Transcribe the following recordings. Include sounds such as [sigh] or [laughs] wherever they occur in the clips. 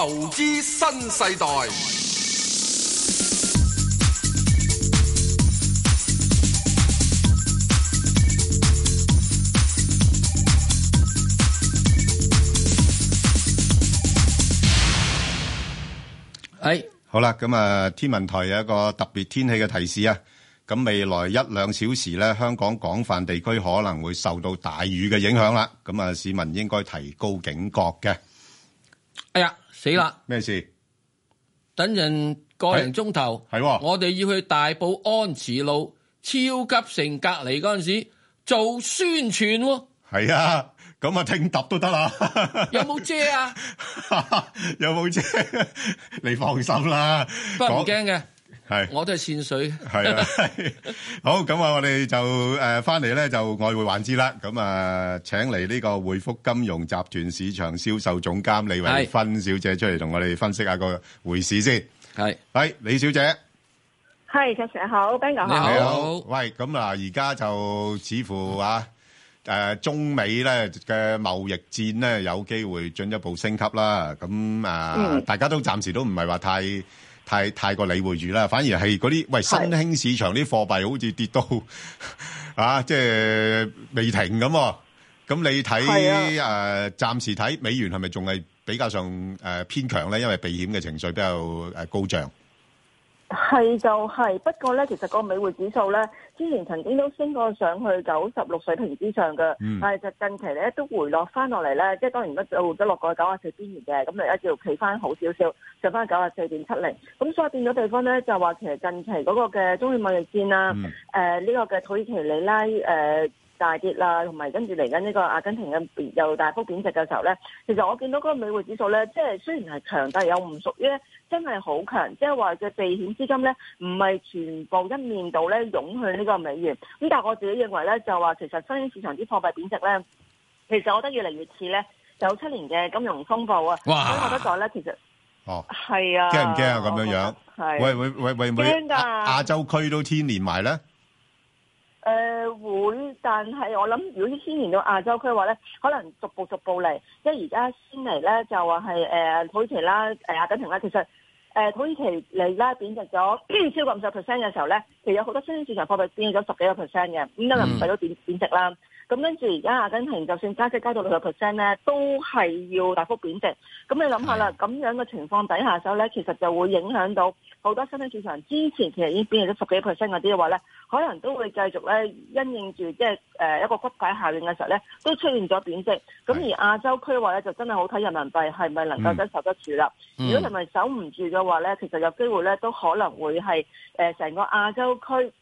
投資新世代。哎，好啦，咁啊，天文台有一個特別天氣嘅提示啊，咁未來一兩小時呢，香港廣泛地區可能會受到大雨嘅影響啦，咁啊，市民應該提高警覺嘅。哎呀！死啦！咩事？等人個零鐘頭，係、啊、我哋要去大埔安慈路超級城隔離嗰陣時做宣傳，哦。係啊，咁啊聽揼都得啦。 [laughs] 有冇遮啊？ [laughs] 有冇有遮？ [laughs] 你放心啦，不過唔驚嘅。係，我都係潛水。係啦，好。咁啊，我哋就誒翻嚟咧，就外匯環節啦。咁啊，請嚟呢個匯福金融集團市場銷售總監李慧芬小姐出嚟同我哋分析下個回事先。係，係李小姐，係，陳 Sir 好，Ben 哥好。你好，喂，咁啊，而家就似乎啊，誒，中美咧嘅貿易戰咧有機會進一步升級啦。咁啊，大家都暫時都唔係話太。太太過理會住啦，反而係嗰啲喂新興市場啲貨幣好似跌到 [laughs] 啊，即係未停咁。咁你睇誒，暫時睇美元係咪仲係比較上誒、呃、偏強咧？因為避險嘅情緒比較誒高漲。係就係、是，不過咧，其實個美匯指數咧，之前曾經都升過上去九十六水平之上嘅、嗯，但係就近期咧都回落翻落嚟咧，即係當然都做得落過九十四之前嘅，咁而家要企翻好少少，上翻九十四點七零，咁所以變咗地方咧就話其實近期嗰個嘅中美貿易戰啦，誒呢個嘅土耳其里拉誒。呃大跌啦，同埋跟住嚟緊呢個阿根廷嘅又大幅貶值嘅時候咧，其實我見到嗰個美匯指數咧，即係雖然係強，但係又唔屬於真係好強，即係話嘅避險資金咧唔係全部一面倒咧湧向呢個美元。咁但係我自己認為咧，就話其實新興市場啲貨幣貶值咧，其實我覺得越嚟越似咧九七年嘅金融風暴啊。咁所以我得講咧，其實哦係啊，驚唔驚啊？咁樣樣係、哦，喂喂喂喂，喂，驚噶？亞洲區都牽連埋咧。誒、呃，會，但係我諗，如果牽連到亞洲區嘅話咧，可能逐步逐步嚟，即係而家先嚟咧，就話係誒土耳其啦，誒阿根廷啦，其實誒、呃、土耳其嚟啦，貶值咗 [coughs] 超過五十 percent 嘅時候咧，其實有好多新興市場貨幣貶值咗十幾個 percent 嘅，咁當唔係都貶貶值啦。咁跟住而家阿根廷就算加息加到六十 percent 咧，都係要大幅貶值。咁你諗下啦，咁樣嘅情況底下手咧，其實就會影響到好多新興市場。之前其實已經變咗十幾 percent 嗰啲嘅話咧，可能都會繼續咧，因應住即係誒一個骨牌效應嘅時候咧，都出現咗貶值。咁而亞洲區話咧，就真係好睇人民幣係咪能夠承受得住啦、嗯？如果人民幣守唔住嘅話咧，其實有機會咧都可能會係誒成個亞洲區。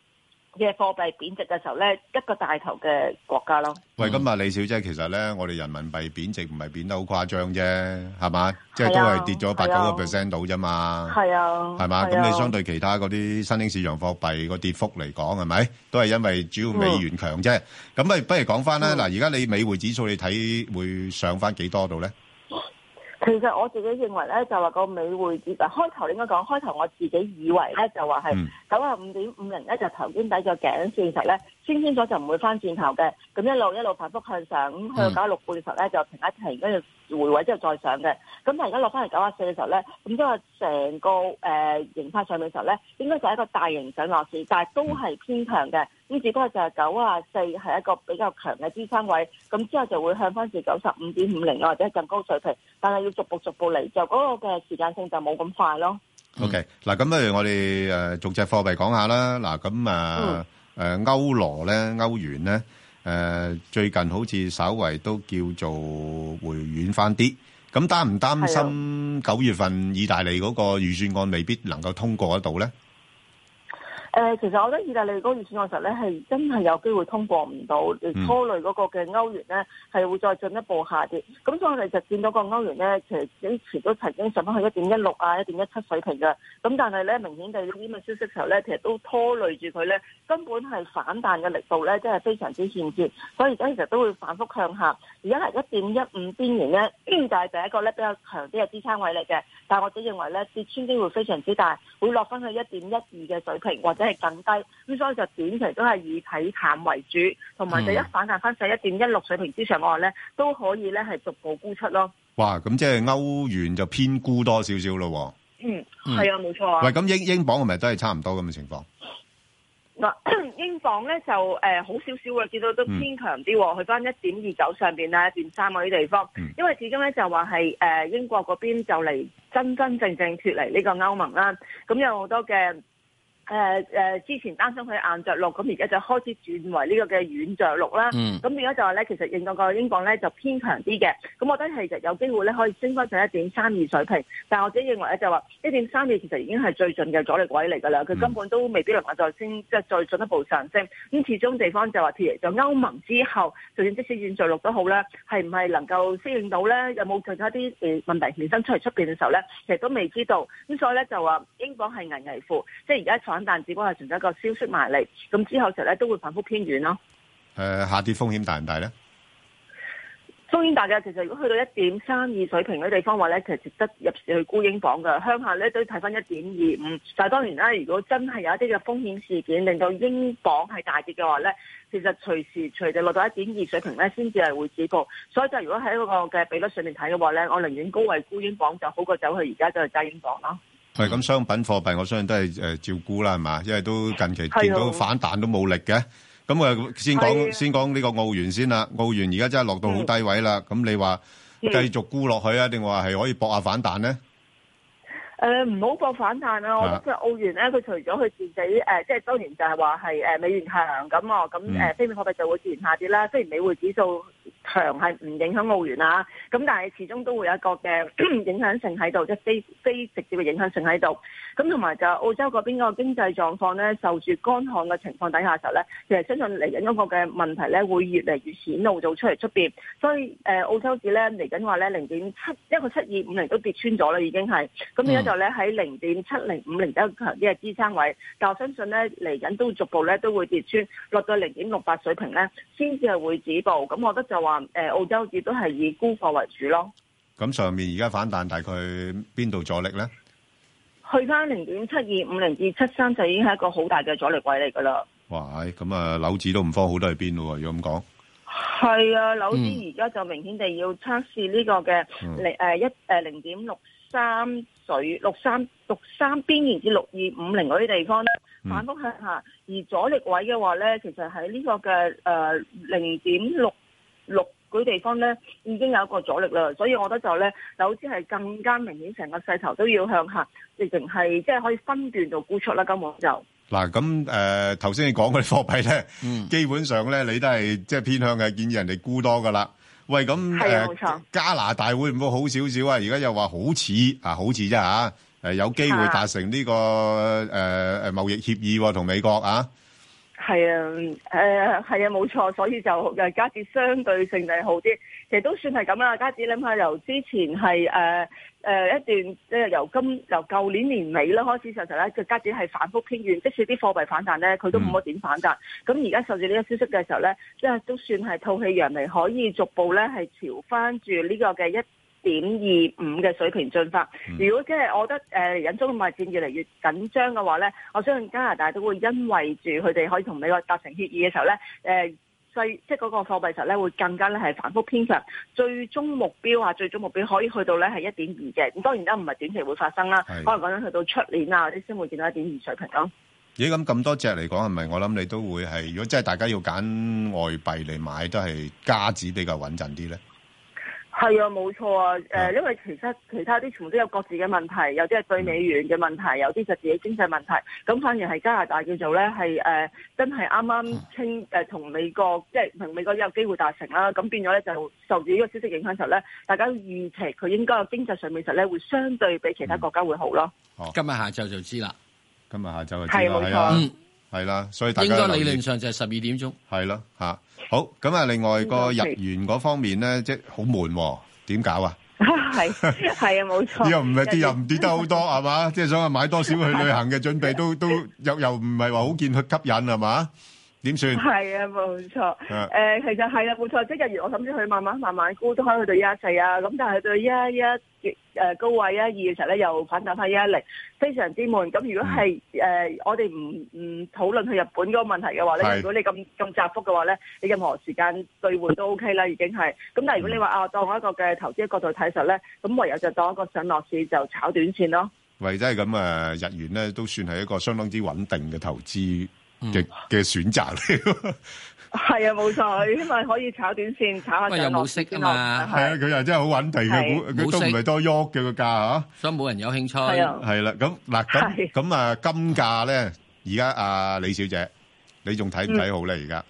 嘅貨幣貶值嘅時候咧，一個大頭嘅國家咯。喂，咁啊，李小姐，其實咧，我哋人民幣貶值唔係貶得好誇張啫，係嘛？即係都係跌咗八九個 percent 到啫嘛。係啊。係嘛？咁你相對其他嗰啲新興市場貨幣個跌幅嚟講係咪？都係因為主要美元強啫。咁啊，不如講翻啦。嗱，而家你美匯指數你睇會上翻幾多度咧？其實我自己認為咧，就話個美匯結啊，開頭應該講，開頭我自己以為咧，就話係九啊五點五零咧，就是、頭肩底個頸、就是、線實呢，其實咧升穿咗就唔會翻轉頭嘅，咁一路一路反覆向上，咁去到九六半時咧就停一停，跟住。回位之後再上嘅，咁但係而家落翻嚟九啊四嘅時候咧，咁即係成個誒形、呃、態上面嘅時候咧，應該就係一個大型上落市，但係都係偏強嘅，只不過都係就係九啊四係一個比較強嘅支撐位，咁之後就會向翻至九十五點五零或者更高水平，但係要逐步逐步嚟，就嗰個嘅時間性就冇咁快咯。OK，嗱咁不如我哋誒逐隻貨幣講下啦，嗱咁啊誒、嗯、歐羅咧，歐元咧。誒最近好似稍為都叫做回軟翻啲，咁擔唔擔心九月份意大利嗰個預算案未必能夠通過得到呢？誒，其實我覺得意大利嗰個預算案實咧係真係有機會通過唔到，拖累嗰個嘅歐元咧係會再進一步下跌。咁所以我哋就見到個歐元咧，其實以前都曾經上翻去一點一六啊、一點一七水平嘅。咁但係咧，明顯地呢啲消息時候咧，其實都拖累住佢咧，根本係反彈嘅力度咧，真係非常之欠缺。所以而家其實都會反覆向下。而家係一點一五邊緣咧，就係、是、第一個咧比較強啲嘅支撐位嚟嘅。但係我自己認為咧，跌穿機會非常之大，會落翻去一點一二嘅水平或者，係更低，咁所以就短期都係以睇淡為主，同埋就一反彈翻至一點一六水平之上嘅話咧，都可以咧係逐步沽出咯。哇，咁即係歐元就偏沽多少少咯。嗯，係啊，冇、嗯、錯啊。喂，咁英英鎊係咪都係差唔多咁嘅情況？嗱、啊，英鎊咧就誒、呃、好少少啊，見到都偏強啲、嗯，去翻一點二九上邊啦，一點三嗰啲地方、嗯。因為始終咧就話係誒英國嗰邊就嚟真真正正脱離呢個歐盟啦，咁有好多嘅。誒、呃、誒、呃，之前擔心佢硬着陸，咁而家就開始轉為個軟、mm. 呢個嘅軟着陸啦。咁而家就話咧，其實英國個英鎊咧就偏強啲嘅，咁我覺得其實有機會咧可以升翻上一點三二水平，但係我自己認為咧就話一點三二其實已經係最近嘅阻力位嚟㗎啦，佢根本都未必能夠再升，即係再進一步上升。咁始終地方就話脱離咗歐盟之後，就算即使軟着陸都好啦，係唔係能夠適應到咧？有冇其他啲誒問題衍生出嚟出邊嘅時候咧？其實都未知道。咁所以咧就話英鎊係危危乎。即係而家但只不過係存在一個消息埋嚟，咁之後其實咧都會反覆偏軟咯。誒、呃，下跌風險大唔大咧？風險大嘅，其實如果去到一點三二水平嘅地方的話咧，其實值得入市去沽英鎊噶。鄉下咧都要睇返一點二五。但係當然啦，如果真係有一啲嘅風險事件令到英鎊係大跌嘅話咧，其實隨時隨地落到一點二水平咧，先至係會止步。所以就如果喺嗰個嘅比率上面睇嘅話咧，我寧願高位沽英鎊就好過走去而家走去揸英鎊咯。係、嗯、咁，商品貨幣我相信都係誒照沽啦，係嘛？因為都近期見到反彈都冇力嘅。咁啊，先講先講呢個澳元先啦。澳元而家真係落到好低位啦。咁、嗯、你話繼續沽落去啊，定話係可以搏下反彈咧？誒唔好過反彈啦，啊啊！我覺得澳元咧，佢除咗佢自己誒、呃，即係當然就係話係誒美元強，咁咁誒非美貨幣就會自然下跌啦。雖然美匯指數強係唔影響澳元啊，咁但係始終都會有一個嘅影響性喺度，即係非非直接嘅影響性喺度。咁同埋就澳洲嗰邊嗰個經濟狀況咧，受住乾旱嘅情況底下嘅時候咧，其實相信嚟緊英國嘅問題咧，會越嚟越顯露，早出嚟出邊所以誒，澳洲指咧嚟緊話咧，零點七一個七二五零都跌穿咗啦，已經係咁而家就咧喺零點七零五零得強啲嘅支撐位、嗯，但我相信咧嚟緊都逐步咧都會跌穿，落到零點六八水平咧，先至係會止步。咁我覺得就話誒，澳洲指都係以沽貨為主咯。咁上面而家反彈大概邊度阻力咧？去翻零點七二五零至七三就已經係一個好大嘅阻力位嚟噶啦。哇，咁啊，樓子都唔慌好得去邊咯，要咁講。係啊，樓子而家就明顯地要測試呢個嘅零誒一誒零點六三水六三六三邊緣至六二五零嗰啲地方咧反覆向下。而阻力位嘅話咧，其實喺呢個嘅誒零點六六。佢、那個、地方咧已經有一個阻力啦，所以我覺得就咧好似係更加明顯，成個勢頭都要向下，直情係即係可以分段度沽出啦。根本就嗱咁誒，頭先、呃、你講佢啲貨幣咧、嗯，基本上咧你都係即係偏向嘅建議人哋沽多噶啦。喂，咁、呃、加拿大會唔會好少少啊？而家又話好似啊，好似啫嚇，有機會達成呢、這個誒誒、呃、貿易協議同、啊、美國啊。係啊，誒、呃，係啊，冇錯，所以就誒，加子相對性係好啲，其實都算係咁啦。加子諗下，由之前係誒誒一段，即、呃、係由今由舊年年尾啦開始上嚟咧，即係加子係反覆偏軟，即使啲貨幣反彈咧，佢都冇乜點反彈。咁而家受住呢個消息嘅時候咧，即係都算係吐氣揚眉，可以逐步咧係調翻住呢個嘅一。點二五嘅水平進發。嗯、如果即係我覺得誒、呃、引中貿戰越嚟越緊張嘅話咧，我相信加拿大都會因為住佢哋可以同美國達成協議嘅時候咧，誒細即係嗰個貨幣實咧會更加咧係反覆偏強。最終目標啊，最終目標可以去到咧係一點二嘅。咁當然都唔係短期會發生啦，可能講緊去到出年啊，或者先會見到一點二水平咯、啊。咦、嗯？咁咁多隻嚟講係咪？我諗你都會係。如果即係大家要揀外幣嚟買，都係加紙比較穩陣啲咧。係啊，冇錯啊，誒、呃，因為其實其他啲全部都有各自嘅問題，有啲係對美元嘅問題，有啲就自己經濟問題，咁反而係加拿大叫做咧係誒，真係啱啱傾誒同美國即係同美國有機會達成啦，咁變咗咧就受住呢個消息影響嘅時候咧，大家預期佢應該經濟上面實咧會相對比其他國家會好咯、嗯。哦，今日下晝就知啦，今日下晝係冇錯。係啦，所以大家應該理論上就係十二點鐘。係咯，吓好咁啊！另外個日元嗰方面咧，即好悶喎、哦，點搞啊？係係啊，冇錯。 [laughs] 又唔係啲又唔跌得好多係嘛？即 [laughs] 係、就係、想話買多少去旅行嘅準備都都又又唔係話好見去吸引係嘛？點算？係啊，冇錯。誒、啊呃，其實係啊，冇錯。即係日元，我諗住去慢慢、慢慢沽，都可以去到一一四啊。咁但係對一一一誒高位啊，一二嘅時候咧，又反彈翻一一零，非常之悶。咁如果係誒、嗯呃，我哋唔唔討論去日本嗰個問題嘅話咧，如果你咁咁窄幅嘅話咧，你任何時間兌換都 OK 啦，已經係。咁但係如果你話、嗯、啊，當我一個嘅投資嘅角度睇實咧，咁唯有就當我一個上落市就炒短線咯。喂真係咁啊，日元咧都算係一個相當之穩定嘅投資。嘅嘅選擇嚟，係啊，冇錯，因為可以炒短線，炒下就冇息啊嘛，係啊，佢又真係好穩定嘅，佢都唔係多喐嘅個價啊，所以冇人有興趣，係啦，咁嗱，咁咁啊金價咧，而家啊李小姐，你仲睇唔睇好咧而家？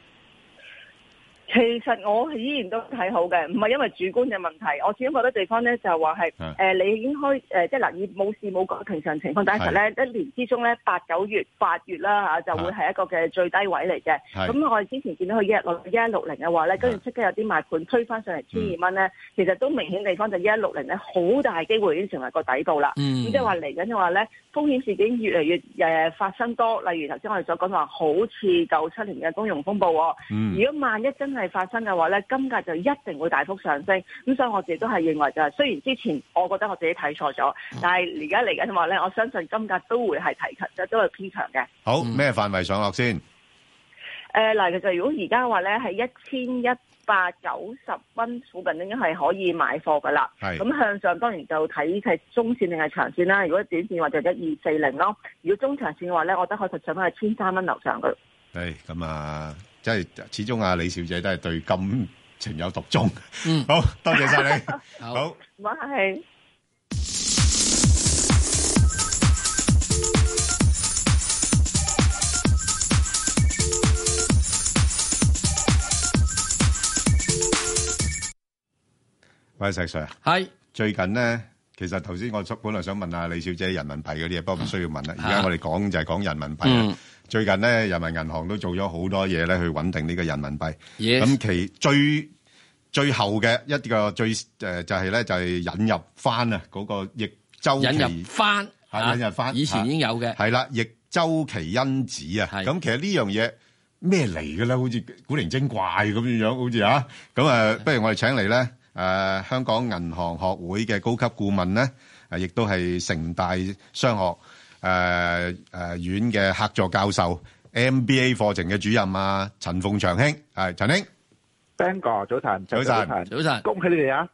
其實我依然都睇好嘅，唔係因為主觀嘅問題，我始終覺得地方咧就係話係，誒、呃、你已經開誒即係嗱，以冇事冇講平常情況，但係其實咧一年之中咧八九月、八月啦吓，就會係一個嘅最低位嚟嘅。咁我哋之前見到佢一日落一一六零嘅話咧，跟住即刻有啲賣盤推翻上嚟千二蚊咧，其實都明顯地方就一一六零咧好大機會已經成為個底部啦。咁、嗯、即係話嚟緊嘅話咧，風險事件越嚟越誒、呃、發生多，例如頭先我哋所講話好似九七年嘅金融風暴、哦嗯。如果萬一真，係發生嘅話咧，金價就一定會大幅上升。咁所以我自己都係認為就係，雖然之前我覺得我自己睇錯咗，但係而家嚟緊嘅話咧，我相信金價都會係提琴，都係偏長嘅。好，咩範圍上落先？誒、呃，嗱，其實如果而家話咧係一千一百九十蚊附近已經係可以買貨噶啦。咁向上，當然就睇係中線定係長線啦。如果短線話就一二四零咯。如果中長線嘅話咧，我覺得可以上翻去千三蚊樓上噶。係咁啊。即係始終啊，李小姐都係對金情有獨鍾。嗯，好多謝曬你，好。唔好客氣，係。喂，石 Sir 啊，係最近咧。其實頭先我本來想問下李小姐人民幣嗰啲嘢，不過唔需要問啦。而家我哋講就係講人民幣，啊嗯。最近咧，人民銀行都做咗好多嘢咧，去穩定呢個人民幣。咁、yes. 其最最後嘅一個最，個最誒就係咧就係引入翻啊嗰個逆周期引入翻係、啊、引入翻，以前已經有嘅係啦，逆周期因子啊。咁其實呢樣嘢咩嚟嘅咧？好似古靈精怪咁樣樣，好似啊咁啊、呃，不如我哋請你咧。誒香港銀行學會嘅高級顧問咧，誒亦都係城大商學誒誒院嘅客座教授 MBA 課程嘅主任啊，陳鳳翔，係陳翔，Ben 哥，早晨，早晨，早晨，恭喜你哋啊！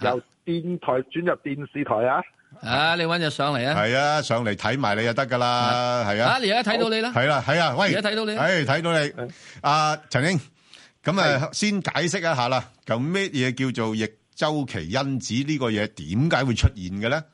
由電台轉入電視台啊！啊，你揾日上嚟啊！係啊，上嚟睇埋你就得噶啦，係啊！啊，你而家睇到你啦，係啦，係啊，喂，而家睇到你，係睇到你，阿陳翔。咁、嗯、啊，先解釋一下啦，咁咩嘢叫做逆周期因子呢個嘢，點解會出現嘅咧？誒、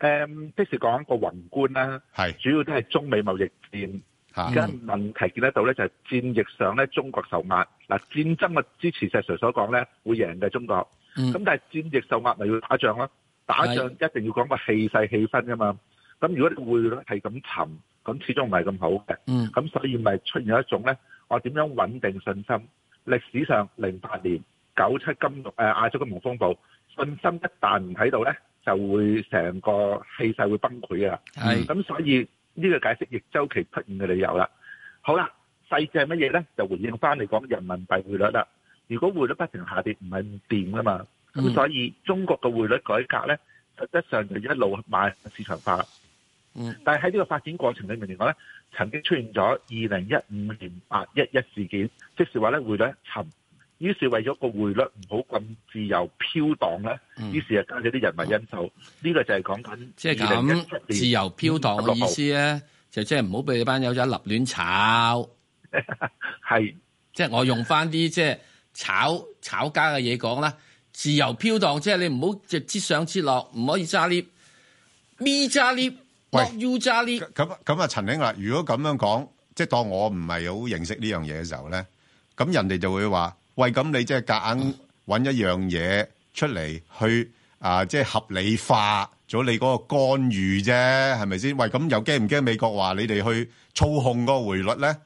嗯，即、就是講個宏觀啦，係主要都係中美貿易戰而家問題見得到咧，就係戰役上咧中國受壓嗱，戰爭嘅支持，石誰所講咧會贏嘅中國，咁、嗯、但係戰役受壓咪要打仗咯，打仗一定要講個氣勢氣氛噶嘛，咁如果你會係咁沉，咁始終唔係咁好嘅，咁、嗯、所以咪出現一種咧。我點樣穩定信心？歷史上零八年、九七金融誒亞洲金融風暴，信心一旦唔睇到咧，就會成個氣勢會崩潰噶啦。係咁，所以呢個解釋逆周期出現嘅理由啦。好啦，細節係乜嘢咧？就回應翻你講人民幣匯率啦。如果匯率不停下跌，唔係唔掂噶嘛。咁所以中國嘅匯率改革咧，實質上就一路買市場化啦。嗯，但係喺呢個發展過程裏面嚟講咧，曾經出現咗二零一五年八一一事件，即是話咧匯率沉，於是為咗個匯率唔好咁自由飄蕩咧，於、嗯、是加咗啲人物因素，呢、這個就係講緊即係咁自由飄蕩嘅意思咧，就即係唔好俾你班友仔立亂炒，係，即係我用翻啲即係炒炒家嘅嘢講啦，自由飄蕩即係、 [laughs] 就是、你唔好直接上之落，唔可以揸 lift，咪揸 lift。喂，咁咁啊，陳兄啊，如果咁樣講，即係當我唔係好認識呢樣嘢嘅時候咧，咁人哋就會話：喂，咁你即係夾硬揾一樣嘢出嚟去啊，即係合理化咗你嗰個干預啫，係咪先？喂，咁又驚唔驚美國話你哋去操控個匯率咧？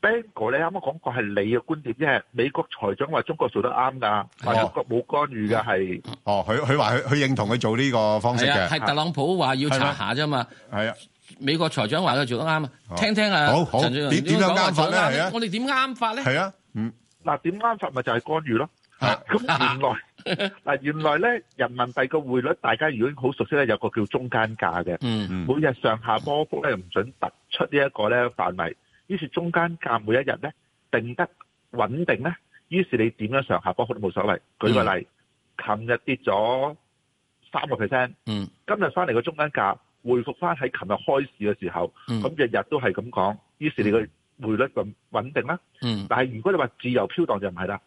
Ben 哥咧啱啱講過係你嘅觀點啫，美國財長話中國做得啱噶，中國冇干預嘅係。哦，佢佢話佢佢認同佢做呢個方式嘅。係特朗普話要查下啫嘛。係啊，美國財長話佢做得啱啊，聽聽啊。好好。點點樣啱法咧？我哋點啱法咧？係啊。嗯。嗱，點啱法咪就係干預咯。係。咁原來嗱，原來咧人民幣個匯率，大家如果好熟悉咧，有個叫中間價嘅。嗯嗯。每日上下波幅咧，唔准突出呢一個咧範圍。於是中間價每一日咧定得穩定咧，於是你點樣上下波好都冇所謂。舉個例，琴、mm. 日跌咗三個 percent，今日翻嚟個中間價回復翻喺琴日開市嘅時候，咁日日都係咁講。於是你個匯率咁穩定啦。嗯、mm.，但係如果你話自由漂盪就唔係啦。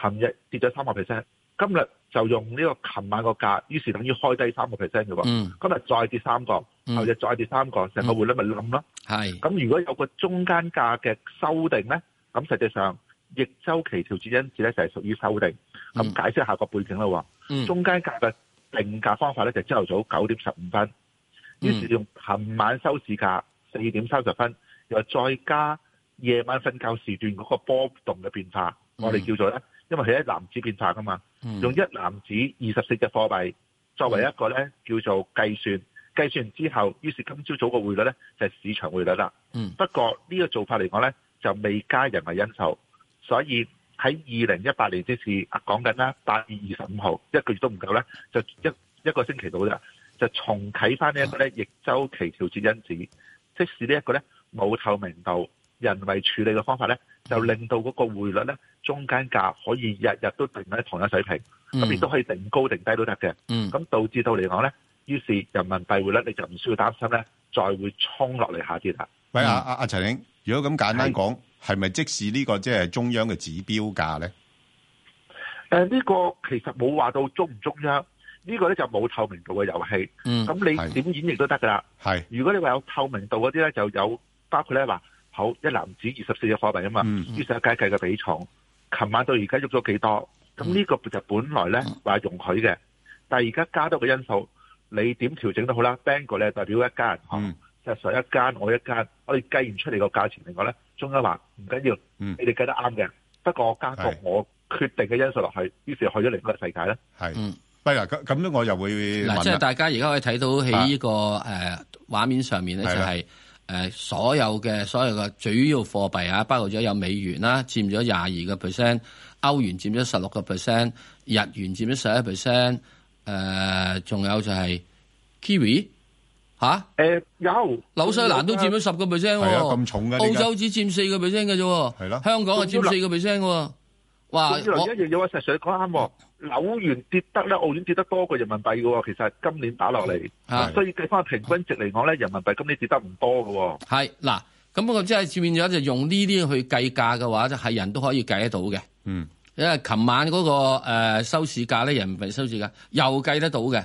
琴日跌咗三個 percent。今日就用呢個琴晚個價，於是等於開低三個 percent 嘅喎。今日再跌三個，後、嗯、日再跌三個，成、嗯、個匯率咪冧咯。咁如果有個中間價嘅修訂咧，咁實際上逆周期調節因子咧就係屬於修訂。咁、嗯、解釋下個背景啦喎、嗯。中間價嘅定價方法咧就係朝頭早九點十五分，於、嗯、是用琴晚收市價四點三十分，又再加夜晚瞓覺時段嗰個波動嘅變化，嗯、我哋叫做咧。因為佢一籃子變法噶嘛、嗯，用一籃子二十四隻貨幣作為一個咧、嗯、叫做計算，計算完之後，於是今朝早個匯率咧就係、市場匯率啦、嗯。不過呢、呢個做法嚟講咧就未加人為因素，所以喺二零一八年之時，講、啊、緊啦，八月二十五號一個月都唔夠咧，就一一個星期到啫，就重啟翻呢一個咧逆週期調節因子，即使這呢一個咧冇透明度。人為處理嘅方法咧，就令到嗰個匯率咧中間價可以日日都定喺同一水平，咁亦都可以定高定低都得嘅。咁、嗯、導致到嚟講咧，於是人民幣匯率你就唔需要擔心咧，再會沖落嚟下跌啦。喂啊啊、嗯、啊！陳警，如果咁簡單講，係咪即使呢個即係中央嘅指標價咧？呢、呃，這個其實冇話到中唔中央，呢、這個咧就冇透明度嘅遊戲。咁、嗯、你點演繹都得噶啦。係，如果你話有透明度嗰啲咧，就有包括咧話。好一籃子二十四隻貨幣啊嘛、嗯，於是佢計計個比重，琴晚到而家喐咗幾多？咁呢個就本來咧話、嗯、容許嘅，但係而家加多個因素，你點調整都好啦。Banker 咧代表一間，人、嗯、就係、上一間我一間，我哋計唔出嚟個價錢，另外咧中間話唔緊要，你哋計得啱嘅、嗯，不過我加個我決定嘅因素落去，於是去咗另一個世界咧。係，係呀，咁咁樣我又會即係大家而家可以睇到喺呢個畫面上面咧就係、啊。就係誒所有嘅所有嘅主要貨幣啊，包括咗有美元啦，佔咗廿二個 percent，歐元佔咗十六個 percent，日元佔咗十一 percent，誒仲有就係 Kiwi 嚇，誒、呃、有紐西蘭都佔咗十個 percent，澳洲只佔四個 percent 嘅啫喎，香港佔4、哦、啊香港係佔四個 percent 嘅喎，哇！哇我～我有實澳元跌得咧，紐元跌得多過人民幣嘅，其實今年打落嚟，所以計翻平均值嚟講咧，人民幣今年跌得唔多嘅。係嗱，咁不過即係變咗就用呢啲去計價嘅話，就係人都可以計得到嘅。嗯，因為琴晚嗰個誒收市價咧，人民幣收市價又計得到嘅。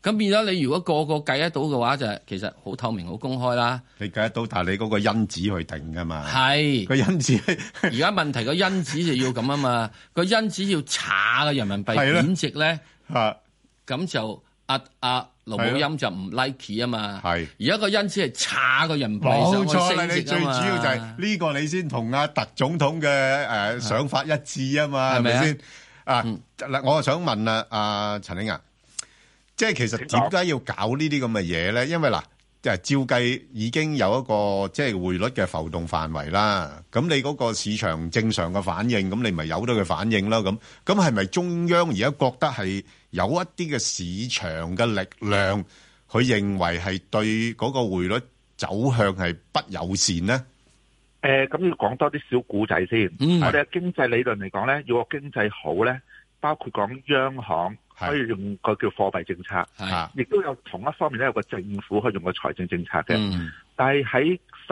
咁變咗你如果個個計得到嘅話，就係其實好透明、好公開啦。你計得到，但係你嗰個因子去定噶嘛？係、 [laughs] 啊 like、個因子。而家問題個因子就要咁啊嘛，個因子要查個人民幣貶值咧。嚇咁就阿阿盧武音就唔 like 啊嘛。係而家個因子係查個人民幣上嘅升值啊，你最主要就係呢個，你先同阿特總統嘅誒想法一致啊嘛，係咪先？啊嗱、嗯啊，我就想問啊，阿陳禮亞、啊。即係其實點解要搞呢啲咁嘅嘢咧？因為嗱，就係照計已經有一個即係匯率嘅浮動範圍啦。咁你嗰個市場正常嘅反應，咁你咪有到佢反應囉。咁咁係咪中央而家覺得係有一啲嘅市場嘅力量，佢認為係對嗰個匯率走向係不友善咧？誒，咁要講多啲小故仔先。我哋經濟理論嚟講咧，要個經濟好咧，包括講央行。可以用個叫貨幣政策，亦都、啊、有同一方面咧，有個政府可以用個財政政策嘅、嗯。但係喺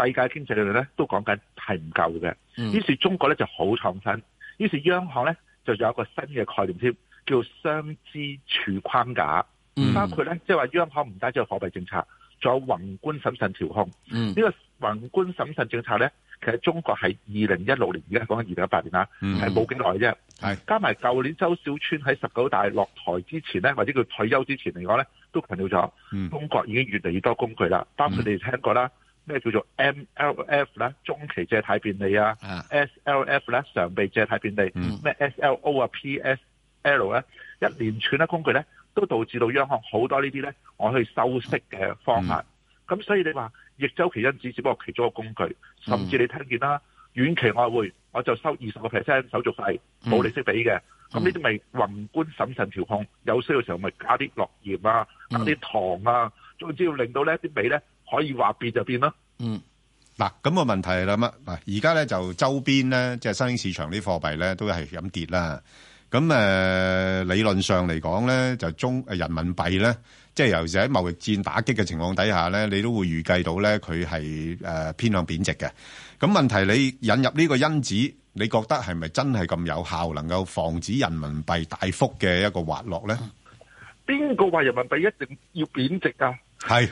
世界經濟裏面咧，都講緊係唔夠嘅。於是中國咧就好創新，於是央行咧就有一個新嘅概念，叫叫雙支柱框架。嗯、包括咧，即係話央行唔單止有貨幣政策，仲有宏觀審慎調控。呢、嗯呢個宏觀審慎政策咧。其實中國係二零一六年 ,2018 年，嗯、而家講緊二零一八年啦，係冇幾耐啫。係加埋舊年周小川喺十九大落台之前咧，或者佢退休之前嚟講咧，都強調咗中國已經越嚟越多工具啦。包括你哋聽過啦，咩叫做 MLF 咧中期借貸便利啊，SLF 咧常備借貸便利，咩 SLO 啊 PSL 咧一連串嘅工具咧，都導致到央行好多呢啲咧，我去收息嘅方法。咁所以你話逆周期因子只不過其中一個工具，甚至你聽見啦、嗯，遠期外匯我就收二十個 percent 手續費冇利息俾嘅。咁呢啲咪宏觀審慎調控，有需要嘅時候咪加啲落鹽啊，加啲糖啊、嗯，總之要令到呢啲幣咧可以話變就變啦。嗯，嗱，咁個問題係乜？嗱，而家咧就周邊咧，即係新興市場啲貨幣咧都係咁跌啦。咁誒、呃、理論上嚟講咧，就中人民幣咧。即係尤其是喺貿易戰打擊嘅情況底下咧，你都會預計到咧，佢係誒偏向貶值嘅。咁問題你引入呢個因子，你覺得係咪真係咁有效，能夠防止人民幣大幅嘅一個滑落咧？邊個話人民幣一定要貶值啊？係，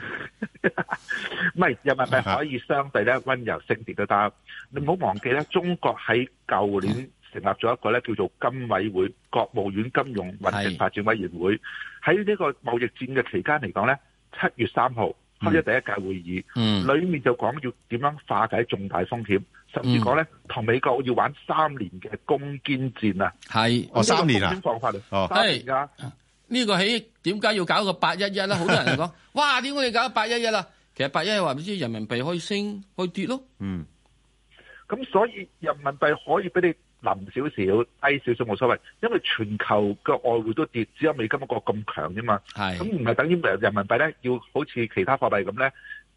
唔 [laughs] 係人民幣可以相對咧溫柔升值都得。你唔好忘記咧，中國喺舊年，嗯。成立咗一個咧，叫做金委會，國務院金融穩定發展委員會。喺呢個貿易戰嘅期間嚟講咧，七月三號、嗯、開咗第一屆會議、嗯，裏面就講要點樣化解重大風險，甚至講咧同美國要玩三年嘅攻堅戰啊。係，哦三年啊。先放法嚟？哦，係、啊。呢、這個起點解要搞個八一一咧？好 [laughs] 多人講，哇，點解要搞八一一啦？其實八一一話唔知人民幣可以升，可以跌咯。嗯。咁所以人民幣可以俾你。臨少少低少少冇所謂，因為全球個外匯都跌，只有美金一個咁強啫嘛。咁唔係等於人民幣咧，要好似其他貨幣咁咧，誒、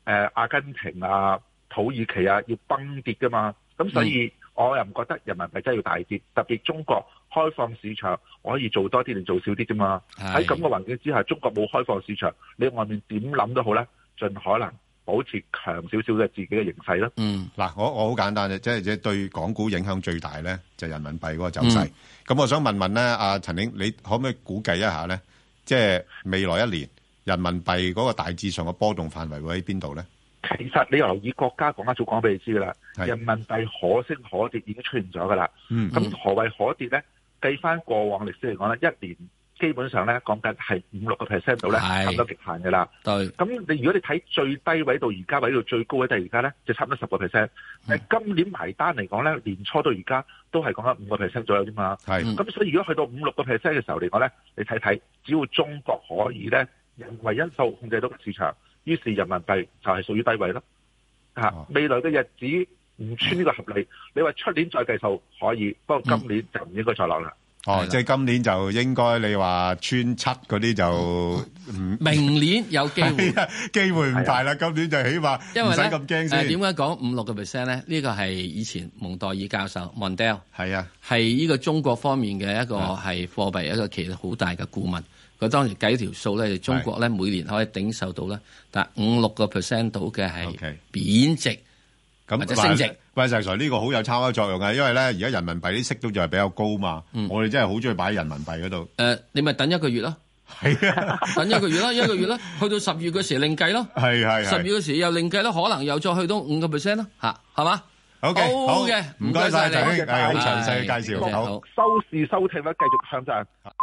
呃、阿根廷啊、土耳其啊要崩跌噶嘛。咁所以我又唔覺得人民幣真係要大跌，嗯，特別中國開放市場我可以做多啲定做少啲啫嘛。喺咁個環境之下，中國冇開放市場，你外面點諗都好咧，盡可能。保持強少少嘅自己嘅形勢咯。嗯，嗱，我我好簡單嘅，即係即係對港股影響最大咧，就係、人民幣嗰個走勢。咁、嗯、我想問問咧，阿、啊、陳警，你可唔可以估計一下咧？即、就、係、是、未來一年人民幣嗰個大致上嘅波動範圍會喺邊度咧？其實你又留意國家講一早講俾你知㗎喇，人民幣可升可跌已經出現咗㗎喇。嗯，咁何謂可跌咧？計返過往歷史嚟講咧，一年。基本上咧，講緊係五六個 percent 度咧，差唔多極限嘅啦。對，咁你如果你睇最低位到而家位到最高位，就係而家咧就差唔多十個 percent。但、嗯、今年埋單嚟講咧，年初到而家都係講緊五個 percent 左右啫嘛。係，咁所以如果去到五六個 percent 嘅時候嚟講咧，你睇睇，只要中國可以咧，人為因素控制到個市場，於是人民幣就係屬於低位咯。嚇、啊哦，未來嘅日子唔穿呢個合理。嗯、你話出年再計數可以，不過今年就唔應該再落啦。嗯。哦，是即係今年就應該你話穿七嗰啲就明年有機會， [laughs] 機會唔大啦。今年就起碼因為唔使咁驚先。點解講五六個 percent 咧？呢個係以前蒙代爾教授 Mundell 係啊，係呢個中國方面嘅一個係貨幣一個其實好大嘅顧問。佢當時計條數咧，中國咧每年可以頂受到咧，但五六個 percent 到嘅係貶值。咁或者升值，喂晒 Sir 呢個好有參考作用嘅。因為咧而家人民幣啲息都就係比較高嘛，我哋真係好中意擺喺人民幣嗰度。誒，你咪等一個月咯，係啊，等一個月咯，一個月咯，去到十月嘅時另計咯，係係，十月嘅時又另計咯，可能又再去到五個 percent 咯，吓係嘛，OK 好嘅，唔該晒，陳生，好詳細嘅介紹，好收視收聽，繼續暢贊。